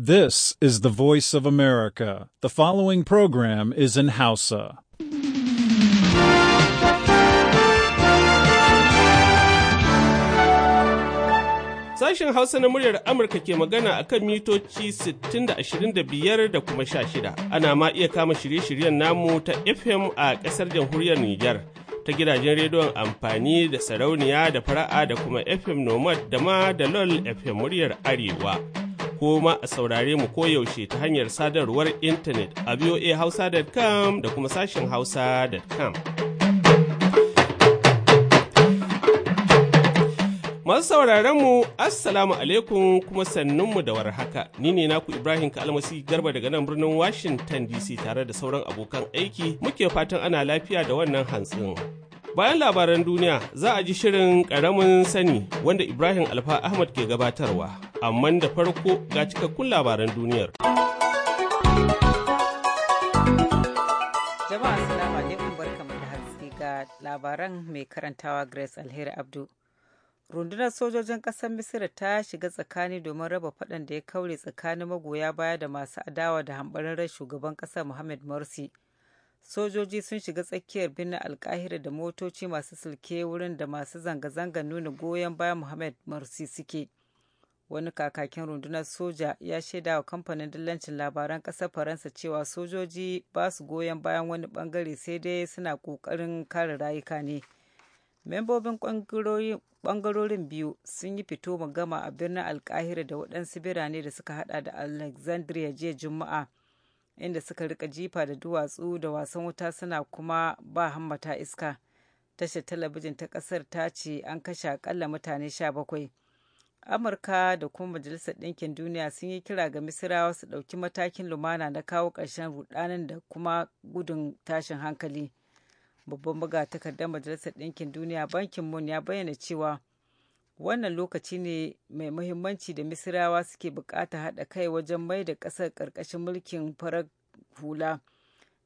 This is the voice of America. The following program is in Hausa. Sashen Hausa na muryar Amurka ke magana a kan mitoci 60-25 da kuma 16. Ana ma iya kama shirye-shiryen namu ta FM a ƙasar jamhuriyar Nijar. ta gidajen rediyon amfani da sarauniya da fara'a da kuma FM Nomad da ma da LOL FM muryar Arewa. ko ma a saurare mu koyaushe ta hanyar sadarwar intanet a voahausa.com da kuma sashen hausa.com. Masu sauraron mu Assalamu alaikum kuma sannunmu da warhaka. Ni ne naku Ibrahim Kalmasi Garba daga nan birnin Washington DC tare da sauran abokan aiki muke fatan ana lafiya da wannan hantsin. Bayan labaran duniya za a ji shirin ƙaramin sani wanda Ibrahim Alfa Ahmad ke gabatarwa. amma da farko ga cikakkun labaran duniyar. Jama'a Assalamu alaikum barkamu da hantsi ga labaran mai karantawa Grace Alheri Abdu. Rundunar sojojin ƙasar Misira ta shiga tsakani domin raba faɗan da ya kaure tsakanin magoya baya da masu adawa da rai shugaban ƙasar Muhammad Morsi. sojoji sun shiga tsakiyar birnin alkahira da motoci masu silke wurin da masu zanga zanga nuna goyon bayan muhammad morsi suke wani kakakin rundunar soja ya shaida wa kamfanin dillancin labaran ƙasar faransa cewa sojoji ba su goyon bayan wani bangare sai dai suna ƙoƙarin kare rayuka ne membobin bangarorin biyu sun yi fito gama a birnin alkahira da waɗansu birane da suka hada da alexandria jiya juma'a inda suka rika jifa da duwatsu da wasan wuta suna kuma ba hammata iska tashar talabijin ta ƙasar ta ce an kashe akalla mutane 17 amurka da kuma majalisar ɗinkin duniya sun yi kira ga misirawa su ɗauki matakin lumana na kawo ƙarshen rudanin da kuma gudun tashin hankali babban buga takardar majalisar ɗinkin duniya bankin mun ya bayyana cewa wannan lokaci ne mai muhimmanci da misirawa suke bukata haɗa kai wajen mai da ƙasar ƙarƙashin mulkin farar hula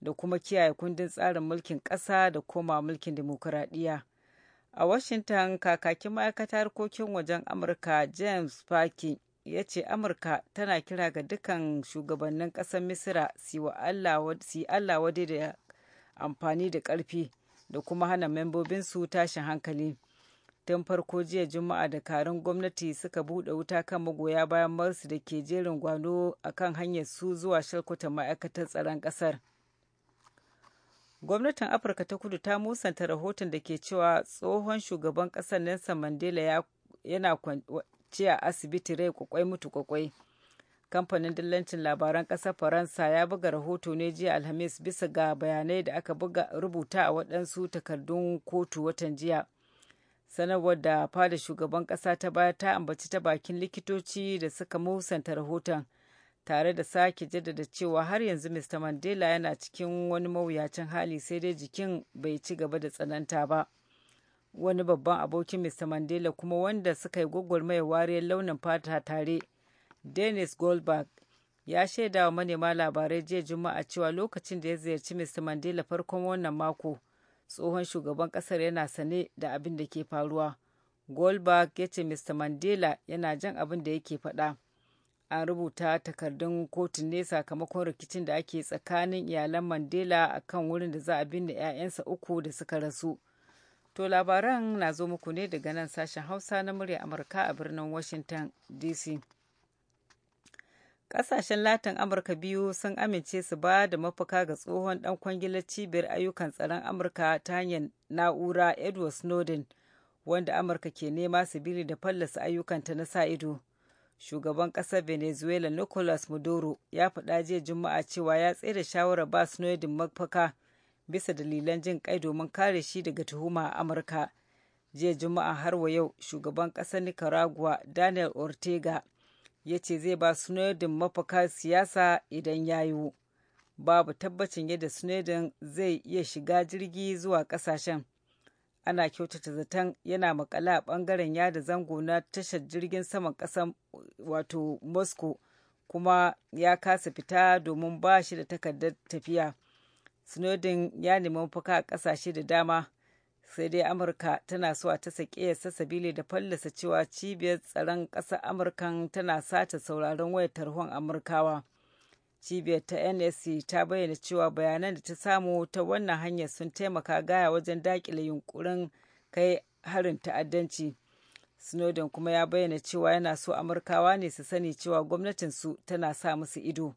da kuma kiyaye kundin tsarin mulkin ƙasa da koma mulkin dimokuraɗiyya. A Washington, kakakin ma'aikatar harkokin wajen Amurka James Paki ya ce Amurka tana kira ga dukkan shugabannin ƙasar Misira su Allah wade da amfani da ƙarfi da kuma hana membobinsu tashin hankali. Tun farko jiya Juma'a da karin gwamnati suka buɗe wuta kan magoya bayan marsu da ke jerin gwano a kan hanyar su zuwa shalkwata ma'aikatar tsaron ƙasar. gwamnatin afirka ta kudu ta musanta rahoton da ke cewa tsohon shugaban ƙasar nelson mandela yana kwanci a asibiti rai kwakwai mutu kwakwai kamfanin dillancin labaran ƙasar faransa ya buga rahoto ne jiya alhamis bisa ga bayanai da aka buga rubuta a waɗansu takardun kotu watan jiya sanarwar da fada shugaban ƙasa ta baya ta ambaci ta bakin likitoci da suka musanta rahoton tare da sake jaddada cewa har yanzu Mr. Mandela yana cikin wani mawuyacin hali sai dai jikin bai ci gaba da tsananta ba. Wani babban abokin Mr. Mandela kuma wanda suka yi gwagwarmaya wariyar launin fata tare, Dennis Goldberg, ya shaida wa manema labarai jiya Juma'a cewa lokacin da ya ziyarci Mr. Mandela farkon wannan mako, tsohon shugaban kasar yana sane da abin da ke faruwa. Goldberg ya ce Mr. Mandela yana jan abin da yake faɗa. an rubuta takardun kotun ne sakamakon rikicin da ake tsakanin iyalan mandela a kan wurin da za a binne 'ya'yansa uku da suka rasu to labaran na zo muku ne daga nan sashen hausa na murya amurka a birnin washington dc kasashen latin amurka biyu sun amince su ba da mafaka ga tsohon dan kwangilar cibiyar ayyukan tsaron amurka ta hanyar na'ura edward snowden wanda amurka ke nema su bili da fallasa ayyukanta na sa ido shugaban ƙasar venezuela nicolas maduro ya faɗa jiya juma'a cewa ya tsere shawarar ba snowden mafaka bisa dalilan jin kai domin kare shi daga tuhuma a amurka jiya juma'a har wa yau shugaban ƙasar nicaragua daniel ortega ya ce zai ba snowden mafaka siyasa idan ya yiwu babu tabbacin yadda snowden zai iya shiga jirgi zuwa ƙasashen ana kyautata zaton yana makala a bangaren yada zango na tashar jirgin saman kasan wato moscow kuma ya kasa fita domin ba shi da takardar tafiya snowden ya nemi mafaka a kasashe da dama sai dai amurka tana so a ta sake sabili da fallasa cewa cibiyar tsaron ƙasar amurkan tana sata sauraron wayar tarhon amurkawa cibiyar ta nsc ta bayyana cewa bayanan da ta samu ta wannan hanyar sun taimaka gaya wajen dakile yunkurin kai harin ta'addanci snowden kuma ya bayyana cewa yana so amurkawa ne su sani cewa gwamnatinsu tana sa musu ido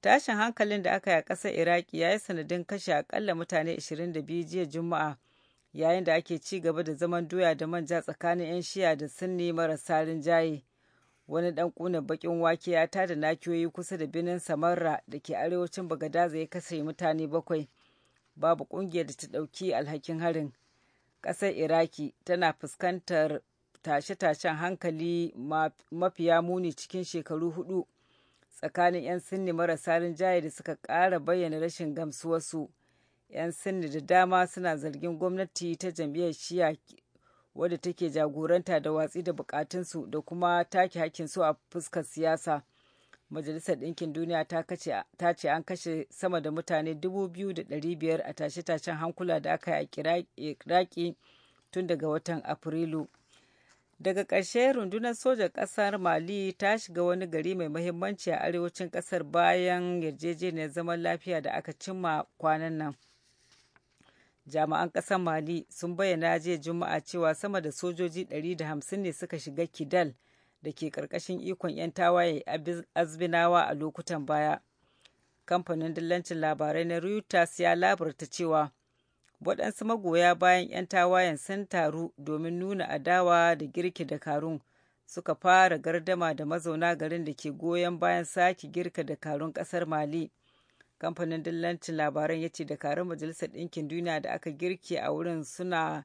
tashin hankalin da aka yi a ƙasar iraki ya yi sanadin kashe akalla mutane 22 jiya juma'a yayin da ake ci gaba da zaman doya da manja tsakanin 'yan shiya da sunni marasa rinjaye. wani ɗan ƙuna baƙin wake ya tada nakiyoyi kusa da binin samarra da ke arewacin bagadaza ya kashe mutane bakwai babu kungiyar da ta ɗauki alhakin harin ƙasar iraki tana fuskantar tashe-tashen hankali mafiya muni cikin shekaru hudu tsakanin 'yan sinni marasa rinjaye da suka ƙara bayyana rashin gamsuwarsu 'yan sinni da dama suna zargin gwamnati ta jam'iyyar shiya wadda take jagoranta da watsi da bukatunsu da kuma take su a fuskar siyasa majalisar ɗinkin duniya ta ce an kashe sama da mutane 2,500 a tashe-tashen hankula da aka yi a iraki tun daga watan afrilu daga ƙarshe rundunar sojan ƙasar mali ta shiga wani gari mai mahimmanci a arewacin ƙasar bayan yarjejeniyar zaman lafiya da aka cimma kwanan nan jami'an ƙasar mali sun bayyana jiya juma'a cewa sama da sojoji 150 ne suka shiga kidal da ke ƙarƙashin ikon 'yan tawaye azbinawa a lokutan baya kamfanin dillancin labarai na reuters ya labarta cewa waɗansu magoya bayan 'yan tawayen sun taru domin nuna adawa da girki da karun suka fara gardama da mazauna garin da ke goyon bayan sake girka karun ƙasar mali kamfanin dillancin labaran ya ce dakarun majalisar ɗinkin duniya da aka girke a wurin suna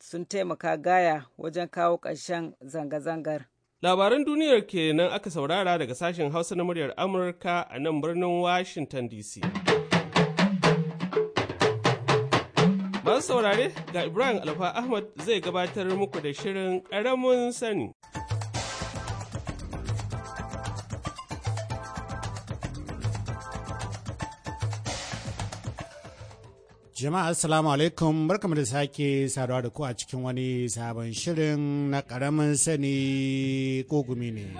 sun taimaka gaya wajen kawo ƙarshen zanga-zangar labaran duniyar kenan aka saurara daga sashen hausa na muryar amurka a nan birnin washington dc masu saurare ga ibrahim alfa ahmad zai gabatar muku da shirin ƙaramin sani Jama'a assalamu alaikum barkamu da sake saduwa da ku a cikin wani sabon shirin na karamin sani ko gumi ne.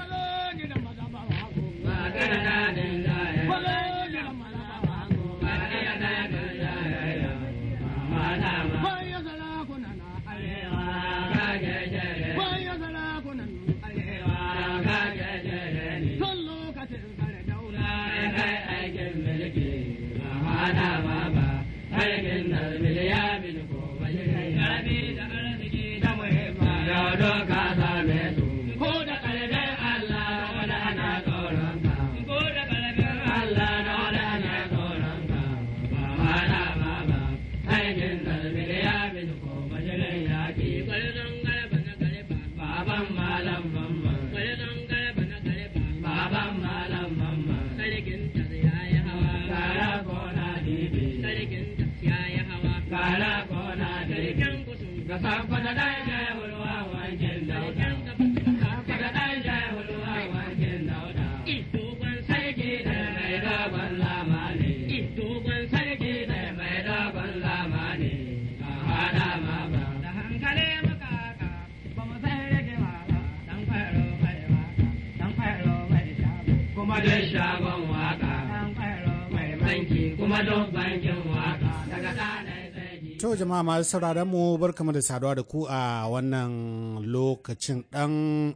To jama'a masu sauraron mu kama da saduwa da ku a wannan lokacin dan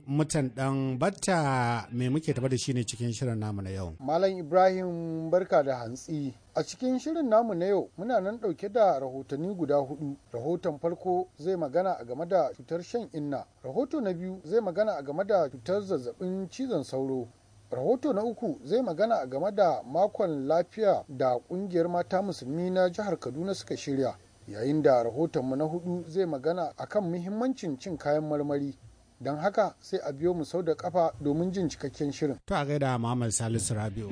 mutan dan batta mai muke tafa da shi ne cikin shirin namu na yau. Malam Ibrahim barka da hantsi. A cikin shirin namu na yau muna nan ɗauke da rahotanni guda hudu. Rahoton farko zai magana a game da cutar shan inna. Rahoto na biyu zai magana a game da cutar zazzabin cizon sauro. rahoto na uku zai magana a game da makon lafiya da kungiyar mata musulmi na jihar kaduna suka shirya yayin da rahotonmu na hudu zai magana akan muhimmancin cin kayan marmari don haka sai a biyo mu sau da kafa domin jin cikakken shirin to a gaida muhammad salisu rabi'u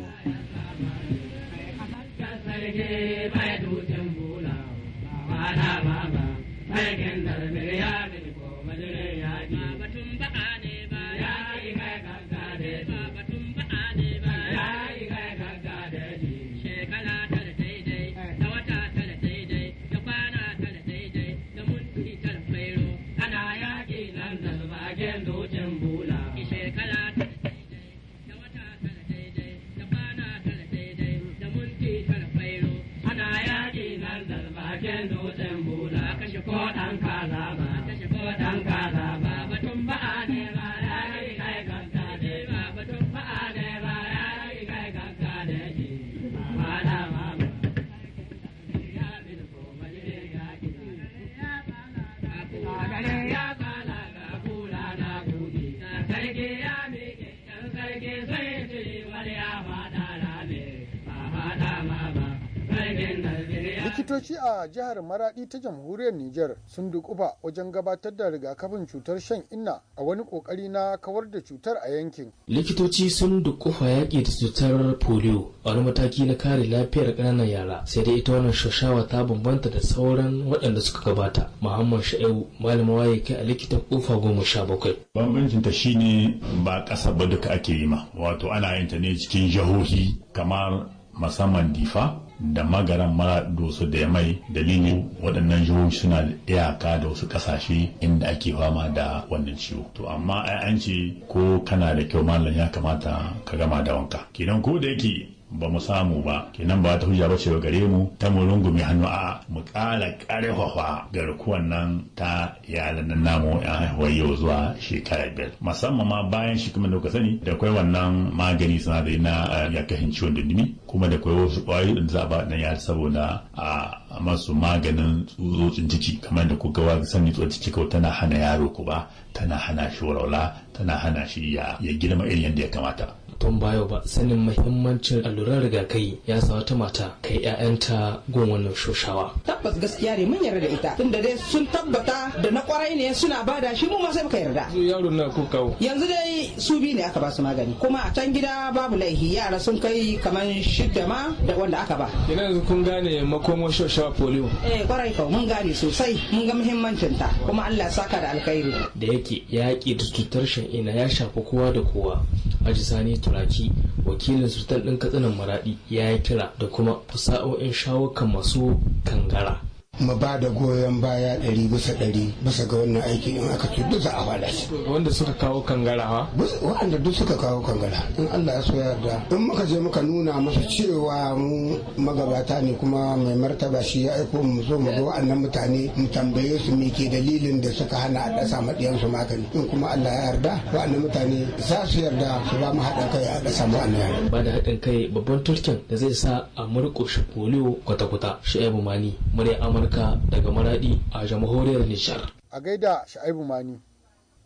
likitoci a jihar Maradi ta jamhuriyar niger sun dukufa wajen gabatar da rigakafin cutar shan inna a wani kokari na kawar da cutar a yankin. Likitoci sun dukufa yaƙi da cutar polio a wani mataki na kare lafiyar ƙananan yara sai dai ita wannan shashawa ta bambanta da sauran waɗanda suka gabata. Muhammad Sha'ibu malama waye kai a likitan kofa goma sha bakwai. Bambancin ta shine ba ƙasa ba duka ake yi ma wato ana yin ta ne cikin jihohi kamar musamman difa da magaran mara dosu da ya mai dalilin waɗannan jihohi suna iyaka da wasu ƙasashe inda ake fama da wannan ciwo to amma ai ko kana da kyau mallam ya kamata ka gama da wanka kidan ko da yake ba mu samu ba kenan ba ta hujja ba ce gare mu ta mu rungume hannu a mu ƙara ƙarfafa garkuwan nan ta yalan nan namu yan haihuwar yau zuwa shekara biyar musamman ma bayan shi kuma da sani da kwai wannan magani sinadari na yakashin eh, ciwon dindimi kuma da kwai wasu kwayoyi da za a ba na ya saboda a masu maganin tsutsotsin ciki kamar da kuka wa sani tsutsotsin ciki tana hana yaro ku ba tana hana shi walwala tana hana shi ya girma irin yadda ya kamata tun bayo ba sanin mahimmancin alluran rigakai ya sa wata mata kai ƴaƴanta gun wannan shoshawa tabbas gaskiya ne mun yarda da ita tunda dai sun tabbata da na kwarai ne suna bada shi mu ma sai muka yarda yaro na ku kawo yanzu dai su biyu ne aka ba su magani kuma a can gida babu laihi yara sun kai kamar shidda ma da wanda aka ba ina yanzu kun gane makomo shoshawa polio eh kwarai kawo mun gane sosai mun ga muhimmancin ta kuma Allah saka da alkhairi da yake yaƙi da cutar shan ina ya shafi kowa da kowa ajisani Sani Turaki wakilin sultan ɗin katsinan maraɗi ya yi kira da kuma fasa'o'in shawo kan masu kangara mu ba da goyon baya ɗari bisa ɗari bisa ga wannan aiki in aka ce duk za a fada shi. Wanda suka kawo kangara ha? Wanda duk suka kawo kangara. In Allah ya so yarda. In muka je muka nuna masa cewa mu magabata ne kuma mai martaba shi ya aiko mu zo mu ga wa'annan mutane mu tambaye su me ke dalilin da suka hana a ɗasa maɗiyan su magani. In kuma Allah ya yarda wa'annan mutane za su yarda su ba mu haɗin kai a ɗasa wa'annan yaran. Ba da haɗin kai babban turkin da zai sa a murƙushe polio kwata-kwata. Shu'aibu Mani, murya Amurka. Amurka daga Maradi a jamhuriyar Nishar. A gaida Sha'ibu Mani.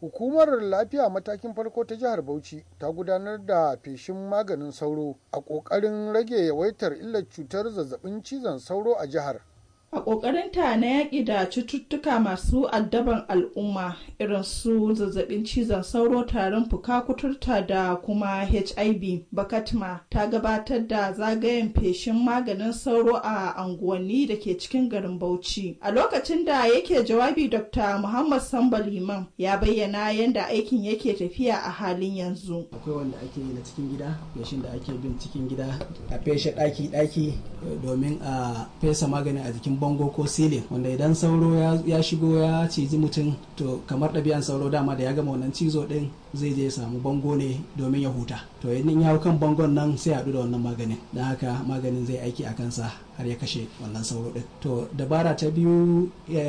Hukumar lafiya matakin farko ta jihar Bauchi ta gudanar da feshin maganin sauro a ƙoƙarin rage yawaitar illar cutar zazzabin cizon sauro a jihar. a ƙoƙarin ta na yaƙi da cututtuka masu addaban al'umma irin su zazzabin cizon sauro tarin fuka kuturta da kuma hiv bakatma ta gabatar da zagayen feshin maganin sauro a anguwanni da ke cikin garin bauchi a lokacin da yake jawabi dr muhammad samba liman ya bayyana yadda aikin yake tafiya a halin yanzu akwai wanda ake yi na cikin gida feshin da ake bin cikin gida a feshe ɗaki-ɗaki eh, domin a fesa magani a jikin bango ko silin wanda idan sauro ya shigo ya ciji mutum to kamar ɗabi'an sauro dama da ya gama wannan cizo ɗin zai je samu bango ne domin ya huta to in ya hau kan bangon nan sai haɗu da wannan maganin don haka maganin zai aiki a kansa har ya kashe wannan sauro ɗin to dabara ta biyu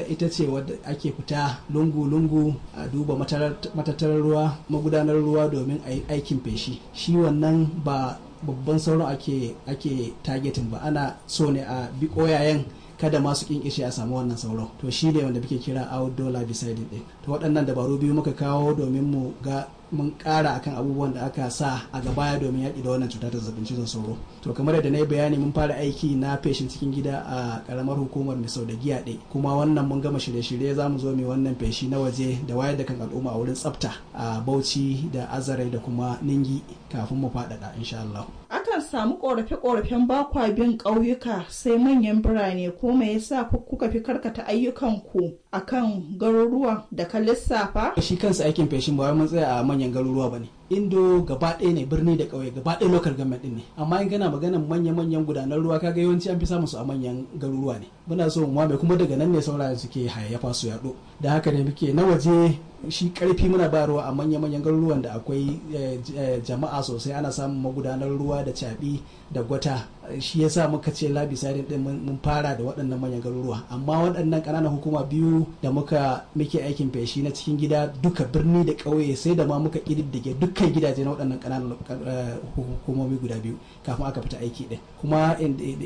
ita ce wadda ake fita lungu-lungu a duba matattarar ruwa magudanar ruwa domin a yi aikin feshi shi wannan ba babban sauro ake ake targeting ba ana so ne a bi koyayen kada masu kin kishi a samu wannan sauro to shi ne wanda muke kira outdoor larvicidin din to waɗannan dabaru biyu muka kawo domin mu ga mun ƙara akan abubuwan da aka sa a gaba domin yaƙi da wannan cuta ta zazzabin cizon sauro to kamar yadda na yi bayani mun fara aiki na feshin cikin gida a ƙaramar hukumar mai sau da giya ɗai kuma wannan mun gama shirye-shirye za mu zo mai wannan feshi na waje da wayar da kan al'umma a wurin tsafta a bauchi da azarai da kuma ningi kafin mu faɗaɗa insha Allah. samu korafe-korafen bakwa bin ƙauyuka sai manyan birane ko me yasa kuka fi karkata ayyukanku akan garuruwa da ka lissafa? shi kansa aikin feshin ba wai tsaya a manyan garuruwa ba ne indo gaba ɗaya ne birni da ƙauye gaba ɗaya local government ɗin ne amma in gana magana manya-manyan gudanar ruwa kaga yawanci an fi samun su a manyan garuruwa ne muna so mu mai kuma daga nan ne saurayen suke hayayyafa su yaɗo da haka ne muke na waje shi karfi muna ruwa a manya-manyan garuruwan da akwai eh, eh, jama'a sosai ana samun magudanar ruwa da caɓi da gwata shi yasa muka ce labisa din mun fara da waɗannan manyan garuruwa amma waɗannan ƙananan hukuma biyu da muka muke aikin feshi na cikin gida duka birni da ƙauye sai da ma muka ƙididdige dukkan gidaje na waɗannan ƙananan hukumomi guda biyu kafin aka fita aiki ɗin kuma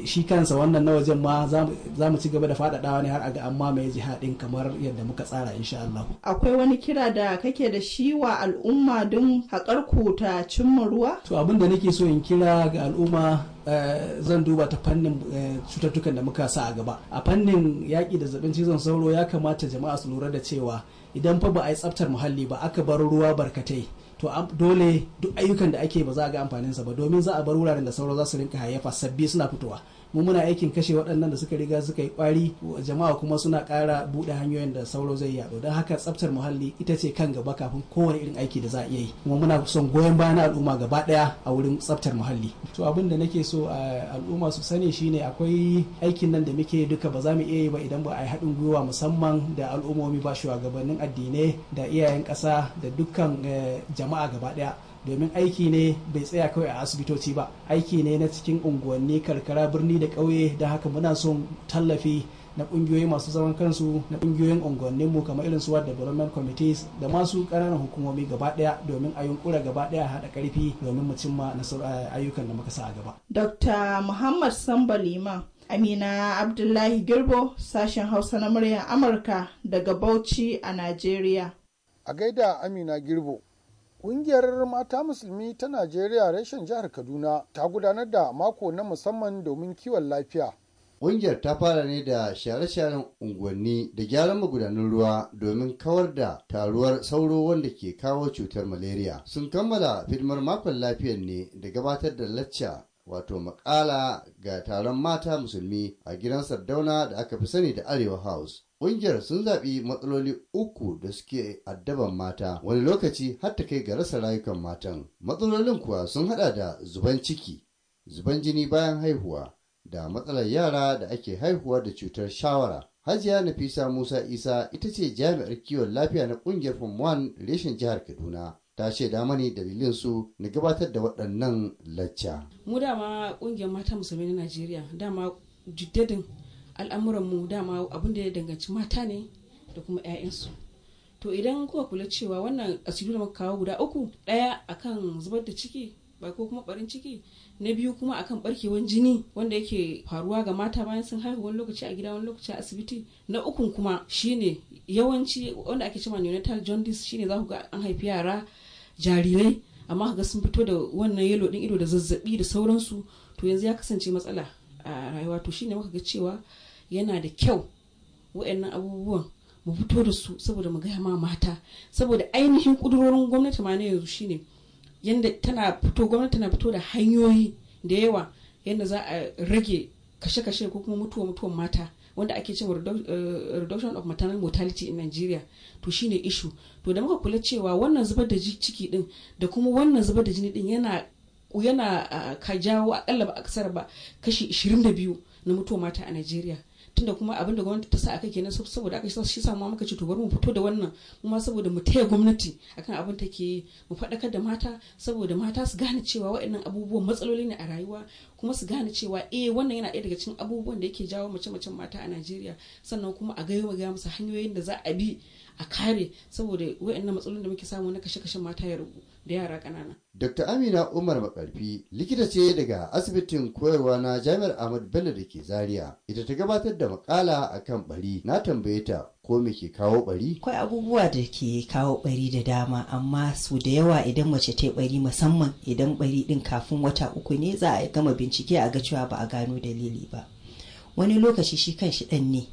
shi kansa wannan na wajen ma za mu ci gaba da faɗaɗawa ne har a ga mai jiha ɗin kamar yadda muka tsara insha Allah. Akwai wani kira da kake da shi wa al'umma don haƙar ku ta cimma ruwa? To abin da nake so in kira ga al'umma Eh, zan duba ta fannin eh, cututtukan da muka sa a gaba a fannin yaƙi da zaɓin cizon sauro ya kamata jama'a su lura da cewa idan fa ba a yi tsaftar muhalli ba aka bar ruwa barkatai to dole duk ayyukan da ake ba za a ga amfaninsa ba domin za a bar wuraren da sauro za su rinka hayafa sabbi suna fitowa mu muna aikin kashe waɗannan da suka riga suka yi kwari jama'a kuma suna ƙara buɗe hanyoyin da sauro zai yaɗo don haka tsaftar muhalli ita ce kan gaba kafin kowane irin aiki da za a iya yi kuma muna son goyon bayan al'umma gaba ɗaya a wurin tsaftar muhalli to abin da nake so al'umma su sani shine akwai aikin nan da muke duka ba za mu iya yi ba idan ba a yi haɗin gwiwa musamman da al'ummomi ba shugabannin addinai da iyayen ƙasa da dukkan eh, jama'a gaba ɗaya domin aiki ne bai tsaya kawai a asibitoci ba aiki ne na cikin unguwanni karkara birni da ƙauye da haka muna son tallafi na ƙungiyoyi masu zaman kansu na ƙungiyoyin unguwannin mu kamar irin su wa development committees da masu ƙananan hukumomi gaba ɗaya domin a yunkura gaba ɗaya haɗa ƙarfi domin mu cimma eh, ayyukan da muka sa a gaba. Dr. Muhammad Samba Liman Amina Abdullahi Girbo sashen Hausa na muryar Amurka daga Bauchi a Najeriya. A gaida Amina Girbo Ƙungiyar Mata Musulmi ta Najeriya reshen jihar Kaduna ta gudanar da mako na musamman domin kiwon lafiya. Ƙungiyar ta fara ne da share-sharen unguwanni da gyaran magudanan ruwa domin kawar da taruwar sauro wanda ke kawo cutar malaria. Sun kammala fidmar makon lafiyar ne da gabatar da lacca wato makala ga taron mata musulmi a gidan Sardauna da aka fi sani da Arewa House. Ƙungiyar sun zaɓi matsaloli uku da suke addaban mata wani lokaci har ta kai ga rasa rayukan matan. Matsalolin kuwa sun haɗa da zuban ciki, zuban jini bayan haihuwa, da matsalar yara da ake haihuwa da cutar shawara. Hajiya Nafisa Musa Isa ita ce jami'ar kiwon lafiya na ƙungiyar Form reshen jihar Kaduna. ta ce da mani dalilin su na gabatar da waɗannan lacca. Mu dama ƙungiyar mata musulmi na Najeriya dama jiddadin al'amuran mu dama abin da ya danganci mata ne da kuma 'ya'yansu to idan kuka kula cewa wannan asibi da muka kawo guda uku ɗaya akan zubar da ciki ba ko kuma barin ciki na biyu kuma akan barkewan jini wanda yake faruwa ga mata bayan sun haihu wani lokaci a gida wani lokaci a asibiti na ukun kuma shine yawanci wanda ake cewa neonatal jaundice shine za ku ga an haifi yara jarirai amma ga sun fito da wannan yelo din ido da zazzabi da sauransu to yanzu ya kasance matsala a rayuwa to shine muka ga cewa yana da kyau wa'annan abubuwan mu fito da su saboda mu gaya ma mata saboda ainihin kudurorin gwamnati ma na yanzu shine yanda tana fito gwamnati tana fito da hanyoyi da yawa yanda za a rage kashe-kashe ko kuma mutuwa mutuwan mata wanda ake cewa eh, reduction of maternal mortality in Nigeria to shine issue to da muka kula cewa wannan zubar da ciki din da kuma wannan zubar da jini din yana yana ah, ka jawo akalla ba aksar ba kashi 22 na mutuwa mata a Nigeria tunda kuma abin da gwamnati ta sa aka kenan saboda aka shi sa muka ce to bari mu fito da wannan mu ma saboda mu taya gwamnati akan abin take yi mu faɗakar da mata saboda mata su gane cewa waɗannan abubuwan matsaloli ne a rayuwa kuma su gane cewa eh wannan yana ɗaya daga cikin abubuwan da yake jawo mace-macen mata a Najeriya sannan kuma a gaya ga musu hanyoyin da za a bi a kare saboda waɗannan matsalolin da muke samu na kashe kashe mata ya da yara ƙanana Dr. Amina Umar Makarfi likita ce daga asibitin koyarwa na Jami'ar Ahmad Bello da ke Zaria. Ita ta gabatar da makala akan bari. Na tambaye ta ko me ke kawo bari? Akwai abubuwa da ke kawo bari da dama amma su da yawa idan mace ta bari musamman idan bari din kafin wata uku ne za a gama bincike a ga cewa ba a gano dalili ba. Wani lokaci shi kan shi ɗan ne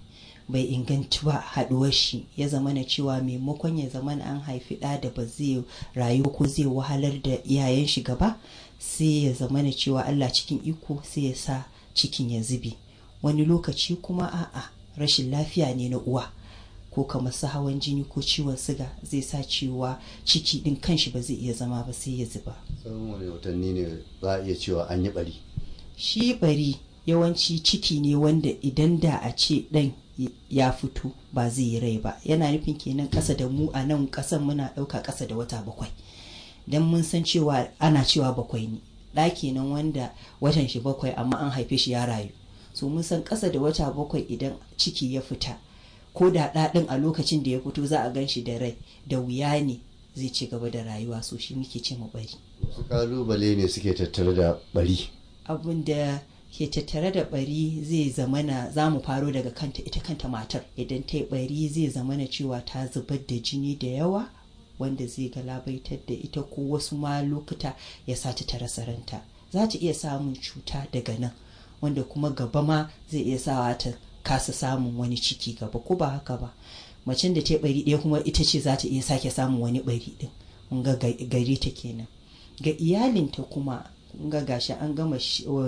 bai inganci ba haɗuwar shi ya zama na cewa maimakon ya zama an haifi da ba zai rayu ko zai wahalar da iyayen shi gaba sai ya na cewa Allah cikin iko sai ya sa cikin ya zube wani lokaci kuma a'a rashin lafiya ne na uwa ko kamar su hawan jini ko ciwon siga zai sa cewa ciki din kanshi ba zai iya zama ba sai ya zuba ne za iya cewa an yi bari shi bari yawanci ciki ne wanda idan da a ce ɗan ya fito ba zai yi rai ba yana nufin kenan ƙasa da mu a nan ƙasan muna ɗauka ƙasa da wata bakwai don mun san cewa ana cewa bakwai ne ɗaki nan wanda watan shi bakwai amma an haife shi ya rayu so mun san ƙasa da wata bakwai idan ciki ya fita ko da ɗaɗin a lokacin da ya fito za a gan shi da rai da wuya ne zai ci gaba da rayuwa so shi muke ce ma bari. wasu ƙalubale ne suke tattare da bari. abin da ke tattare da bari zai zamana za mu faro daga kanta ita kanta matar idan ta yi bari zai zamana cewa ta zubar da jini da yawa wanda zai galabaitar da ita ko wasu ma lokuta ya sa ta rasa ranta za ta iya samun cuta daga nan wanda kuma gaba ma zai iya sawa ta kasa samun wani ciki gaba ko ba haka ba macen da ta bari ɗaya kuma ita ce za ta iya sake samun wani bari ɗin mun ga gare ta kenan ga iyalinta kuma ga gashi an gama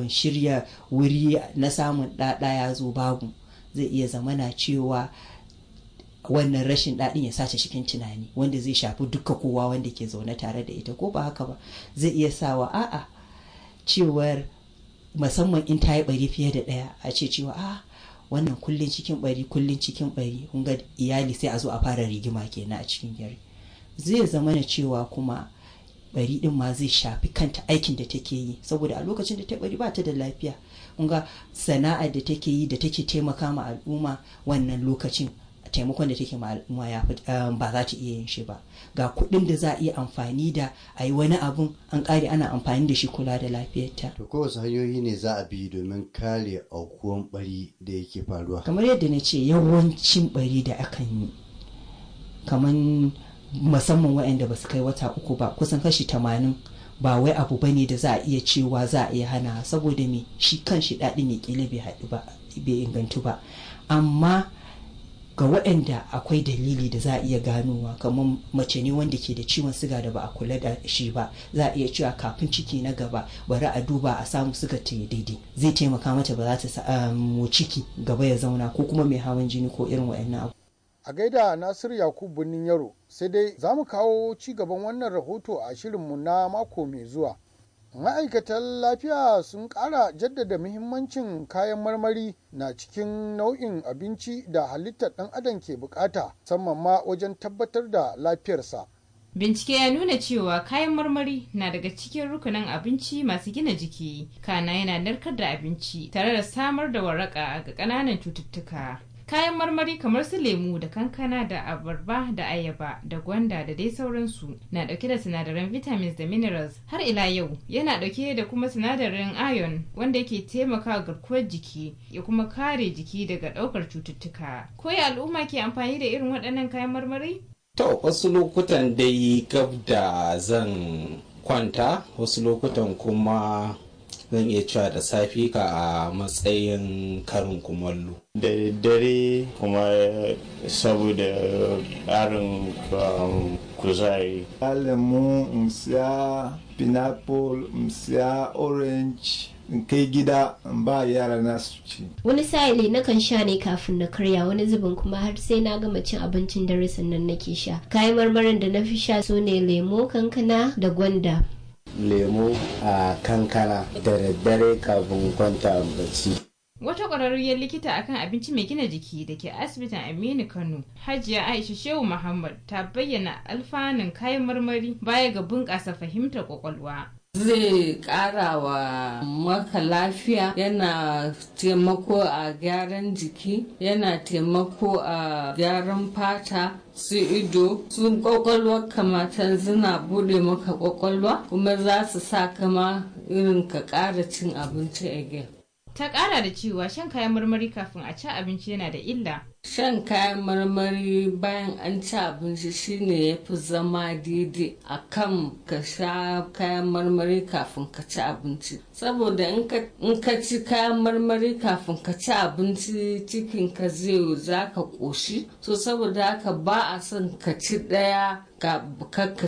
shirya wuri na samun ɗaɗa ya zo babu zai iya zamana cewa wannan rashin daɗin ya sace cikin tunani wanda zai shafi duka kowa wanda ke zaune tare da ita ko ba haka ba zai iya sawa a'a cewar musamman in ta yi bari fiye da ɗaya a ce cewa a ah, wannan kullum cikin bari kullum cikin bari kun ga iyali sai a zo a fara rigima kenan a cikin gari zai zama na cewa kuma bari din ma zai shafi kanta aikin da take yi saboda a lokacin da ta bari ba ta da lafiya kunga sana'a da take yi da take taimaka ma al'umma wannan lokacin taimakon da take ma al'umma ya eh, ba za ta iya yin shi ba ga kuɗin da za a iya amfani da a yi wani abun an ƙare ana amfani da shi kula da lafiyarta. To kowace hanyoyi ne za a bi domin kare aukuwan bari da yake faruwa. Kamar yadda na ce yawancin bari da akan yi kamar musamman waɗanda ba su kai wata uku ba kusan kashi tamanin ba wai abu bane da za a iya cewa za a iya hana saboda me shi kan shi daɗi ne kila bai haɗu ba bai ingantu ba amma ga waɗanda akwai dalili da za a iya ganowa kamar mace ne wanda ke da ciwon siga da ba a kula da shi ba za a iya cewa kafin ciki na gaba bari a duba a samu siga ta daidai zai taimaka mata ba za ta samu um, ciki gaba ya zauna ko kuma mai hawan jini ko irin waɗannan abu A gaida Nasir Yakubu Birnin Yaro, sai dai za mu kawo ci gaban wannan rahoto a shirinmu na mako mai zuwa. Ma'aikatan lafiya sun kara jaddada muhimmancin kayan marmari na cikin nau'in abinci da halittar ɗan adam ke bukata, musamman ma wajen tabbatar da lafiyarsa. Bincike ya nuna cewa kayan marmari na daga cikin rukunin abinci masu gina jiki, kana yana narkar da abinci tare da samar da waraka ga ƙananan cututtuka. kayan marmari kamar su lemu da kankana da abarba da ayaba da gwanda da dai sauransu na dauke da sinadaran vitamins da minerals har ila yau yana dauke da kuma sinadarin iron wanda yake taimakawa garkuwar jiki ya kuma kare jiki daga daukar cututtuka ko ya al'umma ke amfani da irin waɗannan kayan marmari to wasu lokutan dai gab da zan kwanta wasu lokutan kuma zan iya cewa da safi ka a matsayin karin kumallo da dare kuma saboda ƙarin um, kuzari alamu in pineapple in orange in kai gida ba yara na su ci. Wani sa'ili na kan sha ne kafin na karya wani zubin kuma har sai na gama cin abincin dare sannan nake sha. Kayan marmarin da na fi sha su ne lemo, kankana da gwanda. lemu a kankana da daddare kafin kwanta bacci. Wata ƙwararriyar likita akan abinci mai gina jiki da ke asibitin Aminu Kano, Hajiya Aisha Shehu Muhammad ta bayyana alfanun kayan marmari baya ga bunƙasa fahimtar ƙwaƙwalwa. zai ƙara wa maka lafiya yana taimako a gyaran jiki yana taimako a gyaran fata su ido su kwakwalwa kamata zina bude maka kwakwalwa kuma za su sa kama irin ka ƙara cin abinci again Ta ƙara da cewa shan kayan marmari kafin a ci abinci yana da illa. Shan kayan marmari bayan an ci abinci shine ya fi zama daidai a kan ka sha kayan marmari kafin ka ci abinci. Saboda in ka ci kayan marmari kafin ka ci abinci cikin ka zai za ka ƙoshi. So saboda haka ba a son ka ci ɗaya ka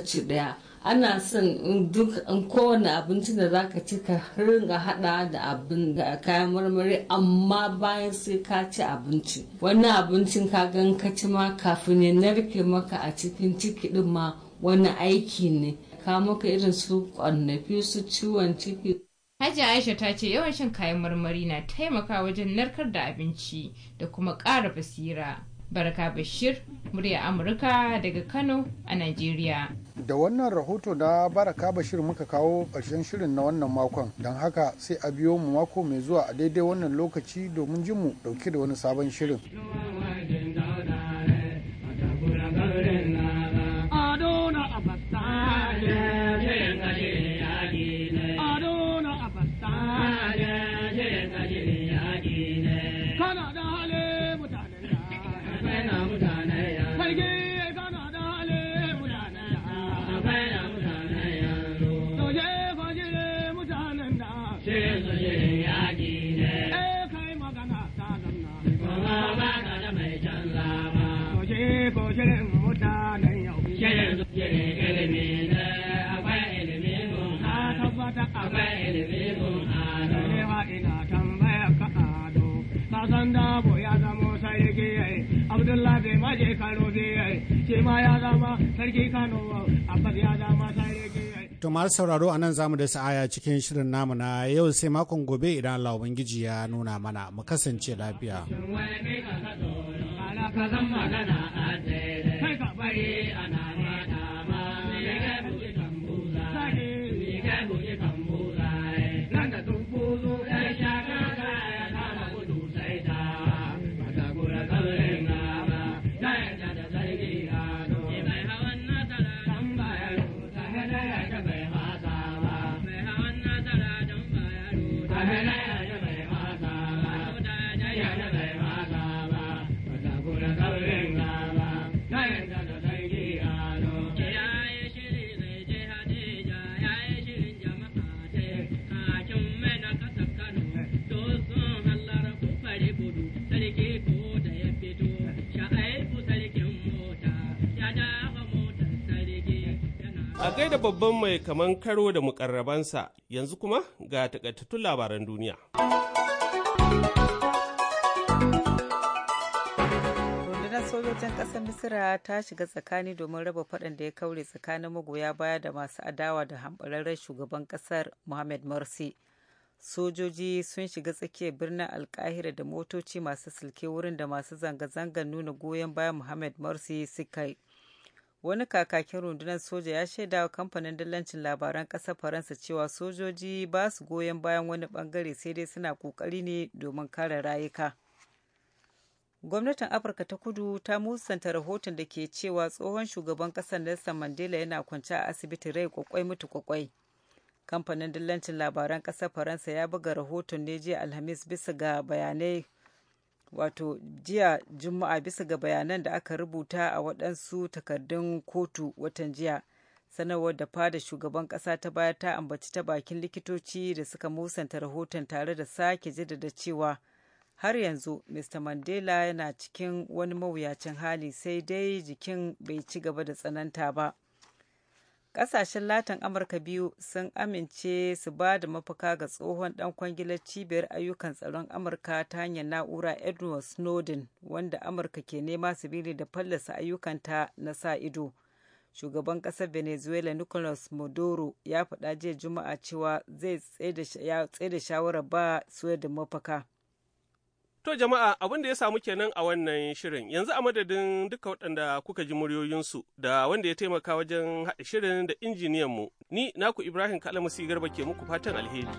ci ɗaya. ana son duk kowane abinci da za ka ci ka ringa hada da abin da kayan marmari amma bayan sai ka ci abinci Wani abincin ka gan ka ci ma kafin ya narke maka a cikin ciki din ma wani aiki ne ka maka irin su kwannafi su ciwon ciki Hajji Aisha ta ce yawan shan kayan marmari na taimaka wajen narkar da abinci da kuma ƙara basira. Barka Bashir, murya Amurka daga Kano a Najeriya. Da wannan rahoto na Baraka Bashir muka kawo ƙarshen shirin na wannan makon, don haka sai a biyo mu mako mai zuwa a daidai wannan lokaci domin jin mu ɗauke da wani sabon shirin. masu sauraro a nan zamu da sa'aya cikin shirin namu na yau sai makon gobe idan Allah Ubangiji ya nuna mana mu kasance lafiya. Kai ka bari ana ta babban mai kaman karo da mukarrabansa yanzu kuma ga takaitattun labaran duniya. Rundunar sojojin ƙasar Misira ta shiga tsakani domin raba faɗan da ya kaure tsakanin magoya baya da masu adawa da hambararren shugaban ƙasar Mohamed Morsi. Sojoji sun shiga tsakiyar birnin Alkahira da motoci masu silke wurin da masu zanga-zangar nuna goyon bayan Mohamed Morsi suka wani kakakin rundunar soja ya shaida wa kamfanin dillancin labaran ƙasar faransa cewa sojoji ba su goyon bayan wani bangare sai dai suna ƙoƙari ne domin kare rayuka gwamnatin afirka ta kudu ta musanta rahoton da ke cewa tsohon shugaban ƙasar nelson mandela yana kwance a asibiti rai kwakwai mutu kwakwai kamfanin dillancin labaran ƙasar faransa ya buga rahoton ne jiya alhamis bisa ga bayanai wato jiya juma'a bisa ga bayanan da aka rubuta a waɗansu takardun kotu watan jiya sanarwar da fada shugaban ƙasa ta baya ta ambaci ta bakin likitoci da suka musanta rahoton tare da sake jidada cewa har yanzu mr mandela yana cikin wani mawuyacin hali sai dai jikin bai ci gaba da tsananta ba Ƙasashen Latin Amurka biyu sun amince su ba da mafaka ga tsohon ɗan kwangilar cibiyar ayyukan tsaron Amurka ta hanyar na'ura Edward Snowden wanda Amurka ke nema su sibili da fallasa ayyukanta na sa ido. Shugaban ƙasar Venezuela Nicolas Maduro ya faɗa jiya Juma'a cewa zai tsaye da shawarar ba su da mafaka. To jama'a abin da ya samu kenan a wannan shirin yanzu a madadin duka waɗanda kuka ji muryoyinsu da wanda ya taimaka wajen haɗa shirin da injiniyanmu ni naku Ibrahim kalamasi Garba ke muku fatan alheri.